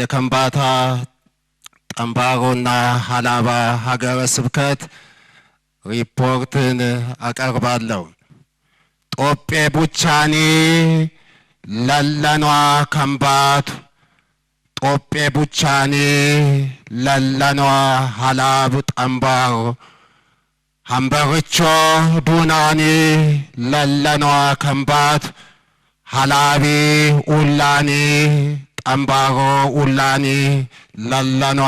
የከምባታ ጠምባሮና ሀላባ ሀገረ ስብከት ሪፖርትን አቀርባለሁ። ጦጴ ቡቻኔ ለለኗ ከምባቱ፣ ጦጴ ቡቻኔ ለለኗ ሀላብ ጠምባሮ፣ ሀንበርቾ ዱናኔ ለለኗ ከምባቱ፣ ሀላቤ ኡላኔ ጠንባሮ ኡላኒ ለለኗ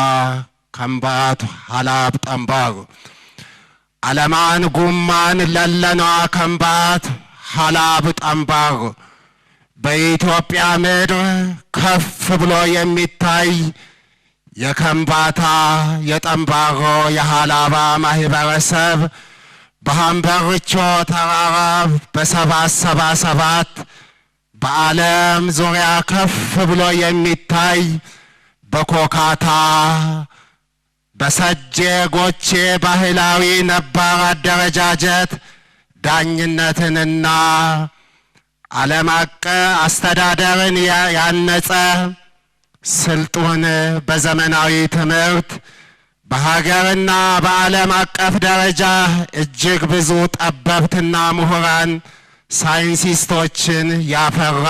ከምባት ሀላብ ጠንባሩ አለማን ጉማን ለለኗ ከምባት ሀላብ ጠንባሩ በኢትዮጵያ ምድር ከፍ ብሎ የሚታይ የከምባታ የጠንባሮ የሀላባ ማህበረሰብ በሀምበርቾ ተራራ በሰባት ሰባ ሰባት በዓለም ዙሪያ ከፍ ብሎ የሚታይ በኮካታ በሰጄ ጎቼ ባህላዊ ነባር አደረጃጀት ዳኝነትንና ዓለም አቀፍ አስተዳደርን ያነጸ ስልጡን በዘመናዊ ትምህርት በሀገርና በዓለም አቀፍ ደረጃ እጅግ ብዙ ጠበብትና ምሁራን ሳይንሲስቶችን ያፈራ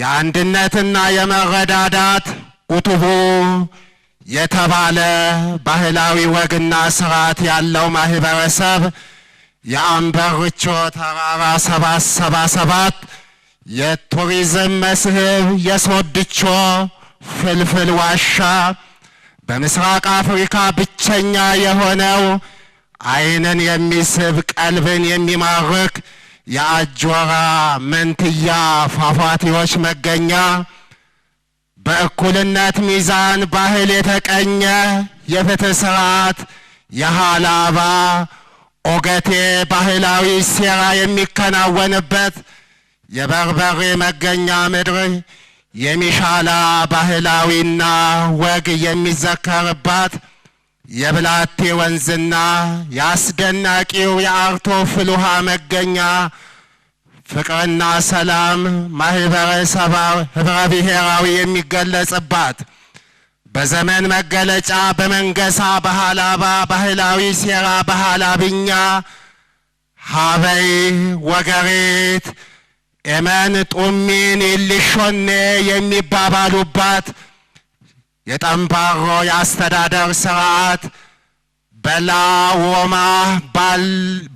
የአንድነትና የመረዳዳት ቁቱቡ የተባለ ባህላዊ ወግና ስርዓት ያለው ማህበረሰብ የአንበርቾ ተራራ ሰባት ሰባ ሰባት የቱሪዝም መስህብ የሶድቾ ፍልፍል ዋሻ በምስራቅ አፍሪካ ብቸኛ የሆነው ዓይንን የሚስብ ቀልብን የሚማርክ የአጆራ መንትያ ፏፏቴዎች መገኛ በእኩልነት ሚዛን ባህል የተቀኘ የፍትህ ስርዓት የሃላባ ኦገቴ ባህላዊ ሴራ የሚከናወንበት የበርበሬ መገኛ ምድር የሚሻላ ባህላዊና ወግ የሚዘከርባት የብላቴ ወንዝና የአስደናቂው የአርቶፍል ውሃ መገኛ ፍቅርና ሰላም ማህበረሰብ ህብረ ብሔራዊ የሚገለጽባት በዘመን መገለጫ በመንገሳ በሃላባ ባህላዊ ሴራ በሃላብኛ ሀበይ ወገሬት ኤመን ጡሚን ኢሊሾኔ የሚባባሉባት የጠንባሮ የአስተዳደር ስርዓት በላ ወማ፣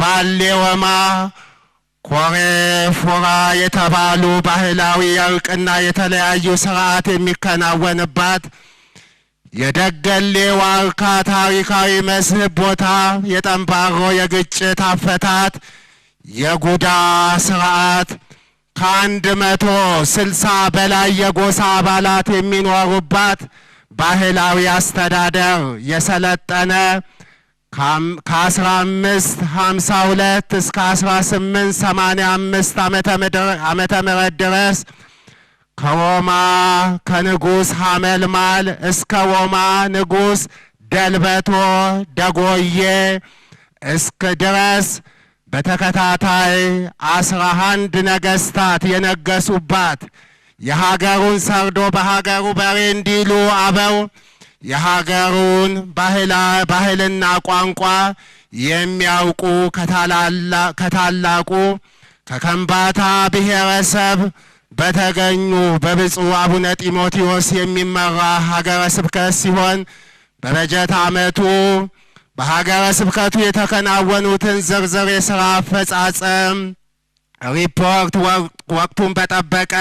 ባሌ ወማ፣ ኮሬ ፎራ የተባሉ ባህላዊ የእርቅና የተለያዩ ስርዓት የሚከናወንባት የደገሌ ዋርካ ታሪካዊ መስህብ ቦታ የጠንባሮ የግጭት አፈታት የጉዳ ስርዓት ከአንድ መቶ ስልሳ በላይ የጎሳ አባላት የሚኖሩባት ባህላዊ አስተዳደር የሰለጠነ ከአስራ አምስት ሀምሳ ሁለት እስከ አስራ ስምንት ሰማንያ አምስት ዓመተ ምህረት ድረስ ከሮማ ከንጉሥ ሐመልማል እስከ ሮማ ንጉሥ ደልበቶ ደጎዬ እስከ ድረስ በተከታታይ አስራ አንድ ነገሥታት የነገሱባት የሀገሩን ሰርዶ በሀገሩ በሬ እንዲሉ አበው የሀገሩን ባህልና ቋንቋ የሚያውቁ ከታላቁ ከከምባታ ብሔረሰብ በተገኙ በብፁዕ አቡነ ጢሞቴዎስ የሚመራ ሀገረ ስብከት ሲሆን በበጀት ዓመቱ በሀገረ ስብከቱ የተከናወኑትን ዝርዝር የሥራ አፈጻጸም ሪፖርት ወቅቱን በጠበቀ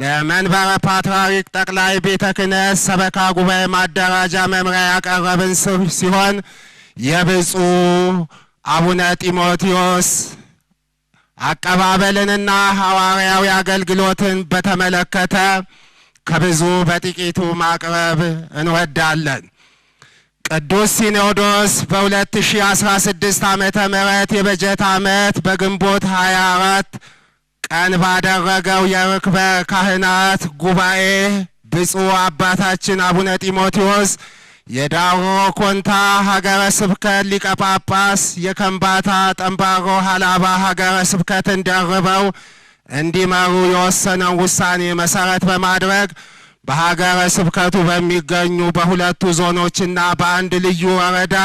ለመንበረ ፓትርያርክ ጠቅላይ ቤተ ክህነት ሰበካ ጉባኤ ማደራጃ መምሪያ ያቀረብን ሲሆን የብፁዕ አቡነ ጢሞቴዎስ አቀባበልንና ሐዋርያዊ አገልግሎትን በተመለከተ ከብዙ በጥቂቱ ማቅረብ እንወዳለን። ቅዱስ ሲኖዶስ በ2016 ዓ ም የበጀት ዓመት በግንቦት 24 ቀን ባደረገው የርክበ ካህናት ጉባኤ ብፁዕ አባታችን አቡነ ጢሞቴዎስ የዳሮ ኮንታ ሀገረ ስብከት ሊቀ ጳጳስ የከምባታ ጠምባሮ ሀላባ ሀገረ ስብከትን ደርበው እንዲመሩ የወሰነው ውሳኔ መሰረት በማድረግ በሀገረ ስብከቱ በሚገኙ በሁለቱ ዞኖችና በአንድ ልዩ ወረዳ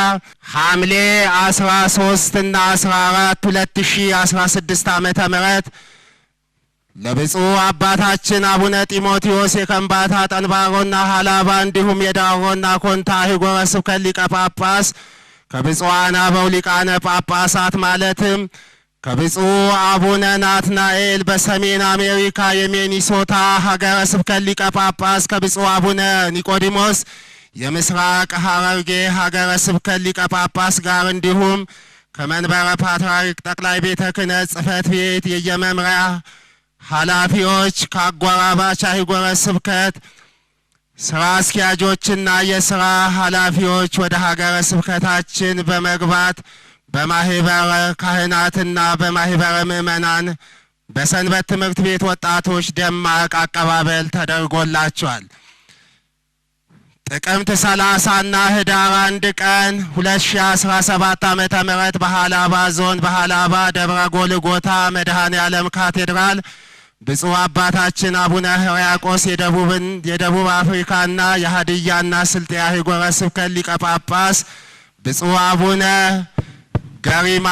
ሐምሌ 13 እና 14 2016 ም ለብፁዕ አባታችን አቡነ ጢሞቴዎስ የከምባታ ጠንባሮና ሀላባ እንዲሁም የዳሮና ኮንታ ሀገረ ስብከት ሊቀ ጳጳስ ከብፁዓን አበው ሊቃነ ጳጳሳት ማለትም ከብፁዕ አቡነ ናትናኤል በሰሜን አሜሪካ የሚኒሶታ ሀገረ ስብከት ሊቀ ጳጳስ ከብፁዕ አቡነ ኒቆዲሞስ የምስራቅ ሐረርጌ ሀገረ ስብከት ሊቀ ጳጳስ ጋር እንዲሁም ከመንበረ ፓትርያርክ ጠቅላይ ቤተ ክህነት ጽሕፈት ቤት የየመምሪያ ኃላፊዎች ከአጎራባች አህጉረ ስብከት ስራ አስኪያጆችና የስራ ኃላፊዎች ወደ ሀገረ ስብከታችን በመግባት በማህበረ ካህናትና በማህበረ ምእመናን በሰንበት ትምህርት ቤት ወጣቶች ደማቅ አቀባበል ተደርጎላቸዋል። ጥቅምት 30ና ህዳር አንድ ቀን 2017 ዓ ም በሀላባ ዞን በሀላባ ደብረ ጎልጎታ መድኃኔ ዓለም ካቴድራል ብፁዕ አባታችን አቡነ ሕርያቆስ የደቡብን የደቡብ አፍሪካና የሀድያና ስልጤ ሀገረ ስብከት ሊቀ ጳጳስ፣ ብፁዕ አቡነ ገሪማ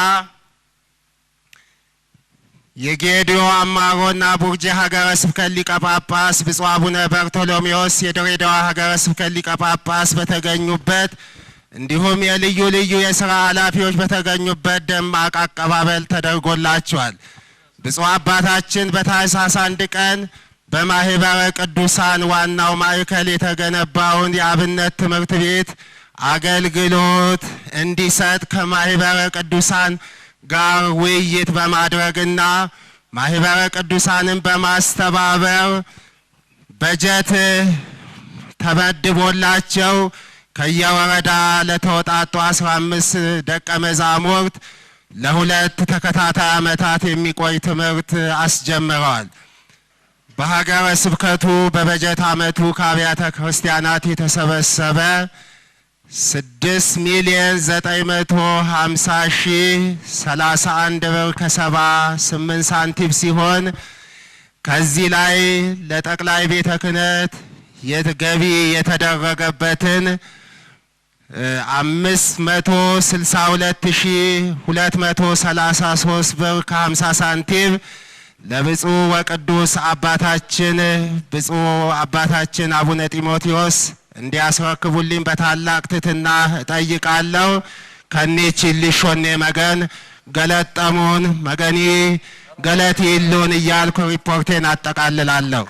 የጌዲዮ አማሮና ቡርጂ ሀገረ ስብከት ሊቀ ጳጳስ፣ ብፁዕ አቡነ በርቶሎሜዎስ የድሬዳዋ ሀገረ ስብከት ሊቀ ጳጳስ በተገኙበት እንዲሁም የልዩ ልዩ የስራ ኃላፊዎች በተገኙበት ደማቅ አቀባበል ተደርጎላቸዋል። ብፁዕ አባታችን በታኅሳስ አንድ ቀን በማኅበረ ቅዱሳን ዋናው ማዕከል የተገነባውን የአብነት ትምህርት ቤት አገልግሎት እንዲሰጥ ከማኅበረ ቅዱሳን ጋር ውይይት በማድረግና ማኅበረ ቅዱሳንን በማስተባበር በጀት ተመድቦላቸው ከየወረዳ ለተወጣጡ 15 ደቀ መዛሙርት ለሁለት ተከታታይ ዓመታት የሚቆይ ትምህርት አስጀምረዋል። በሀገረ ስብከቱ በበጀት ዓመቱ ከአብያተ ክርስቲያናት የተሰበሰበ 6 ሚሊዮን 950 ሺህ 31 ብር ከ78 ሳንቲም ሲሆን ከዚህ ላይ ለጠቅላይ ቤተ ክህነት የገቢ የተደረገበትን አምስት መቶ ስልሳ ሁለት ሺ ሁለት መቶ ሰላሳ ሶስት ብር ከሀምሳ ሳንቲም ለብፁዕ ወቅዱስ አባታችን ብፁዕ አባታችን አቡነ ጢሞቴዎስ እንዲያስረክቡልኝ በታላቅ ትሕትና እጠይቃለሁ። ከኔች ልሾኔ መገን ገለጠሞን መገኒ ገለት የለውን እያልኩ ሪፖርቴን አጠቃልላለሁ።